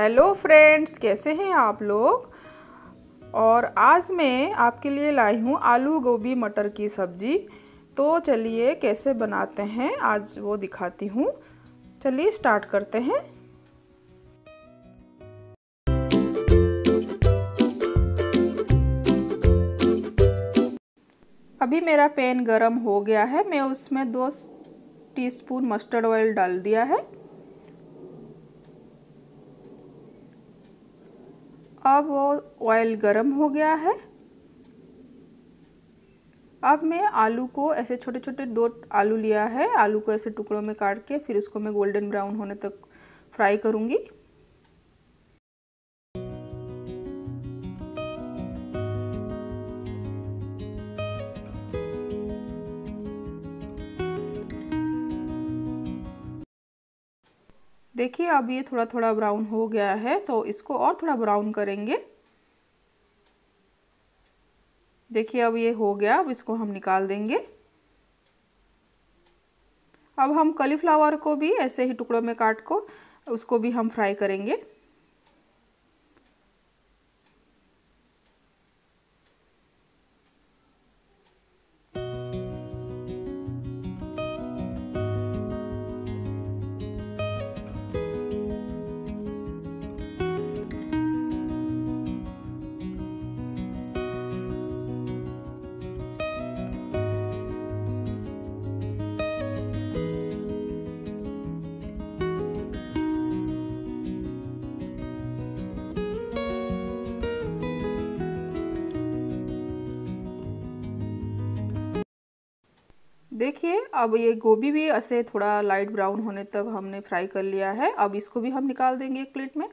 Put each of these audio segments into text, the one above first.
hello friends कैसे हैं आप लोग और आज मैं आपके लिए लाई हूँ आलू गोभी मटर की सब्ज़ी तो चलिए कैसे बनाते हैं आज वो दिखाती हूँ चलिए स्टार्ट करते हैं अभी मेरा पैन गरम हो गया है मैं उसमें दो टीस्पून मस्टर्ड ऑयल डाल दिया है अब वो ऑयल गर्म हो गया है अब मैं आलू को ऐसे छोटे छोटे दो आलू लिया है आलू को ऐसे टुकड़ों में काट के फिर उसको मैं गोल्डन ब्राउन होने तक फ्राई करूँगी देखिए अब ये थोड़ा थोड़ा ब्राउन हो गया है तो इसको और थोड़ा ब्राउन करेंगे देखिए अब ये हो गया अब इसको हम निकाल देंगे अब हम कलीफ्लावर को भी ऐसे ही टुकड़ों में काट को उसको भी हम फ्राई करेंगे देखिए अब ये गोभी भी ऐसे थोड़ा लाइट ब्राउन होने तक हमने फ्राई कर लिया है अब इसको भी हम निकाल देंगे एक प्लेट में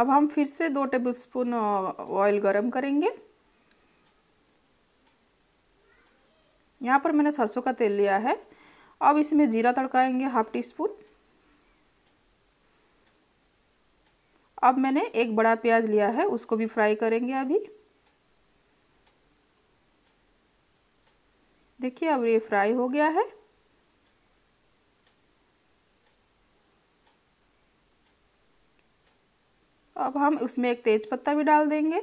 अब हम फिर से दो टेबलस्पून ऑयल गरम करेंगे यहाँ पर मैंने सरसों का तेल लिया है अब इसमें जीरा तड़काएंगे हाफ टी स्पून अब मैंने एक बड़ा प्याज लिया है उसको भी फ्राई करेंगे अभी देखिए अब ये फ्राई हो गया है अब हम उसमें एक तेज पत्ता भी डाल देंगे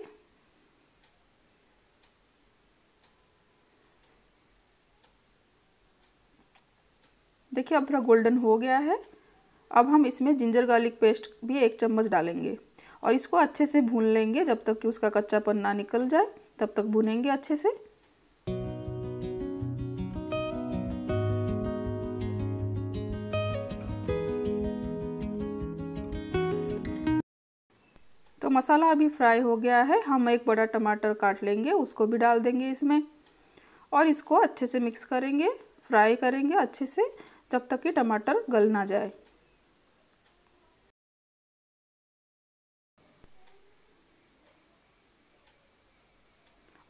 देखिए अब थोड़ा गोल्डन हो गया है अब हम इसमें जिंजर गार्लिक पेस्ट भी एक चम्मच डालेंगे और इसको अच्छे से भून लेंगे जब तक कि उसका कच्चापन ना निकल जाए तब तक भूनेंगे अच्छे से तो मसाला अभी फ्राई हो गया है हम एक बड़ा टमाटर काट लेंगे उसको भी डाल देंगे इसमें और इसको अच्छे से मिक्स करेंगे फ्राई करेंगे अच्छे से जब तक कि टमाटर गल ना जाए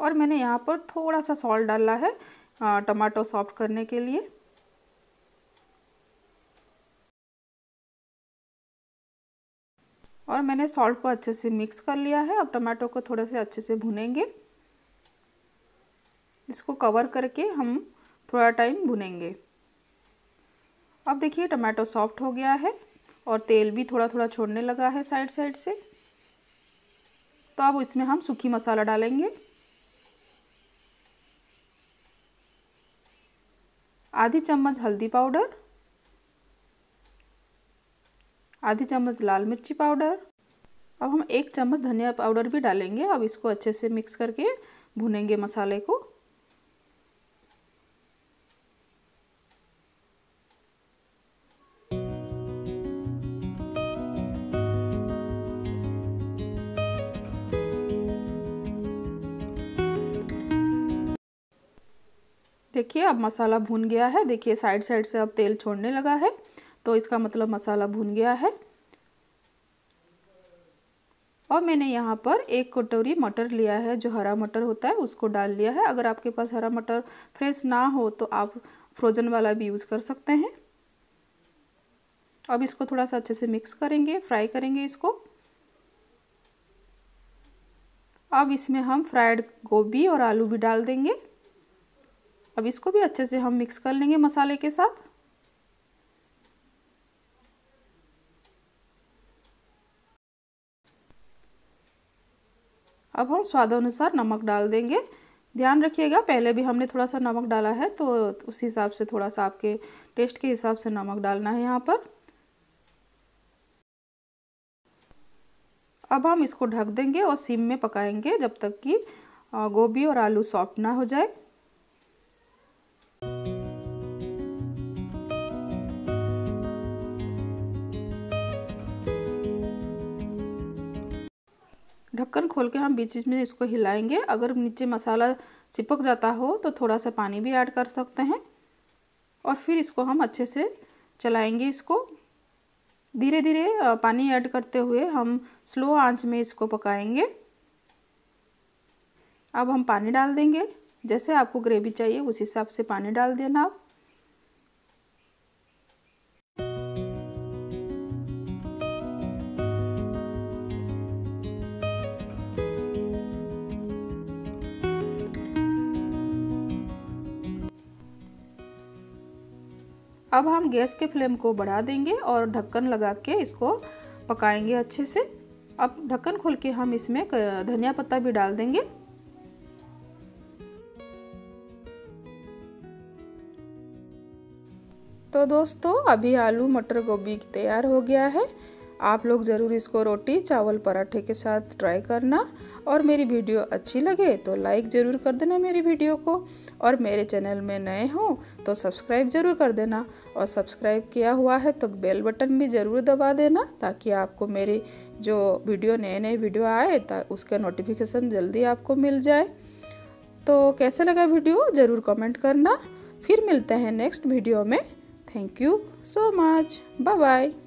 और मैंने यहाँ पर थोड़ा सा सॉल्ट डाला है टमाटो सॉफ्ट करने के लिए और मैंने सॉल्ट को अच्छे से मिक्स कर लिया है अब टमाटो को थोड़ा से अच्छे से भुनेंगे इसको कवर करके हम थोड़ा टाइम भुनेंगे अब देखिए टमाटो सॉफ्ट हो गया है और तेल भी थोड़ा थोड़ा छोड़ने लगा है साइड साइड से तो अब इसमें हम सूखी मसाला डालेंगे आधी चम्मच हल्दी पाउडर आधी चम्मच लाल मिर्ची पाउडर अब हम एक चम्मच धनिया पाउडर भी डालेंगे अब इसको अच्छे से मिक्स करके भुनेंगे मसाले को देखिए अब मसाला भून गया है देखिए साइड साइड से अब तेल छोड़ने लगा है तो इसका मतलब मसाला भून गया है और मैंने यहाँ पर एक कटोरी मटर लिया है जो हरा मटर होता है उसको डाल लिया है अगर आपके पास हरा मटर फ्रेश ना हो तो आप फ्रोजन वाला भी यूज़ कर सकते हैं अब इसको थोड़ा सा अच्छे से मिक्स करेंगे फ्राई करेंगे इसको अब इसमें हम फ्राइड गोभी और आलू भी डाल देंगे अब इसको भी अच्छे से हम मिक्स कर लेंगे मसाले के साथ अब हम स्वाद अनुसार नमक डाल देंगे ध्यान रखिएगा पहले भी हमने थोड़ा सा नमक डाला है तो उस हिसाब से थोड़ा सा आपके टेस्ट के हिसाब से नमक डालना है यहाँ पर अब हम इसको ढक देंगे और सिम में पकाएंगे जब तक कि गोभी और आलू सॉफ्ट ना हो जाए ढक्कन खोल के हम बीच बीच में इसको हिलाएंगे अगर नीचे मसाला चिपक जाता हो तो थोड़ा सा पानी भी ऐड कर सकते हैं और फिर इसको हम अच्छे से चलाएंगे इसको धीरे धीरे पानी ऐड करते हुए हम स्लो आंच में इसको पकाएंगे अब हम पानी डाल देंगे जैसे आपको ग्रेवी चाहिए उस हिसाब से पानी डाल देना आप अब हम गैस के फ्लेम को बढ़ा देंगे और ढक्कन लगा के इसको पकाएंगे अच्छे से अब ढक्कन खोल के हम इसमें धनिया पत्ता भी डाल देंगे तो दोस्तों अभी आलू मटर गोभी तैयार हो गया है आप लोग ज़रूर इसको रोटी चावल पराठे के साथ ट्राई करना और मेरी वीडियो अच्छी लगे तो लाइक ज़रूर कर देना मेरी वीडियो को और मेरे चैनल में नए हो तो सब्सक्राइब ज़रूर कर देना और सब्सक्राइब किया हुआ है तो बेल बटन भी ज़रूर दबा देना ताकि आपको मेरी जो वीडियो नए नए वीडियो आए उसका नोटिफिकेशन जल्दी आपको मिल जाए तो कैसे लगा वीडियो ज़रूर कमेंट करना फिर मिलते हैं नेक्स्ट वीडियो में thank you so much bye bye